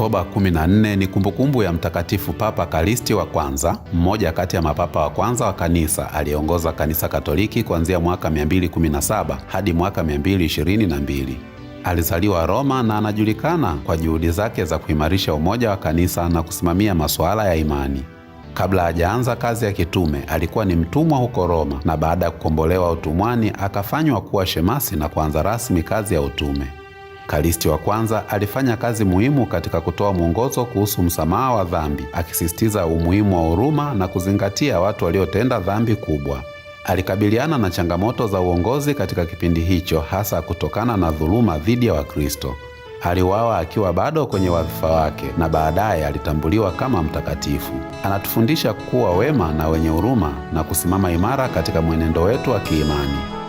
Oktoba 14 ni kumbukumbu ya Mtakatifu Papa Kalisti wa Kwanza, mmoja kati ya mapapa wa kwanza wa kanisa aliyeongoza kanisa Katoliki kuanzia mwaka 217 hadi mwaka 222. Alizaliwa Roma na anajulikana kwa juhudi zake za kuimarisha umoja wa kanisa na kusimamia masuala ya imani. Kabla hajaanza kazi ya kitume alikuwa ni mtumwa huko Roma, na baada ya kukombolewa utumwani akafanywa kuwa shemasi na kuanza rasmi kazi ya utume. Kalisti wa kwanza alifanya kazi muhimu katika kutoa mwongozo kuhusu msamaha wa dhambi, akisisitiza umuhimu wa huruma na kuzingatia watu waliotenda dhambi kubwa. Alikabiliana na changamoto za uongozi katika kipindi hicho, hasa kutokana na dhuluma dhidi ya Wakristo. Aliuawa akiwa bado kwenye wadhifa wake na baadaye alitambuliwa kama mtakatifu. Anatufundisha kuwa wema na wenye huruma na kusimama imara katika mwenendo wetu wa kiimani.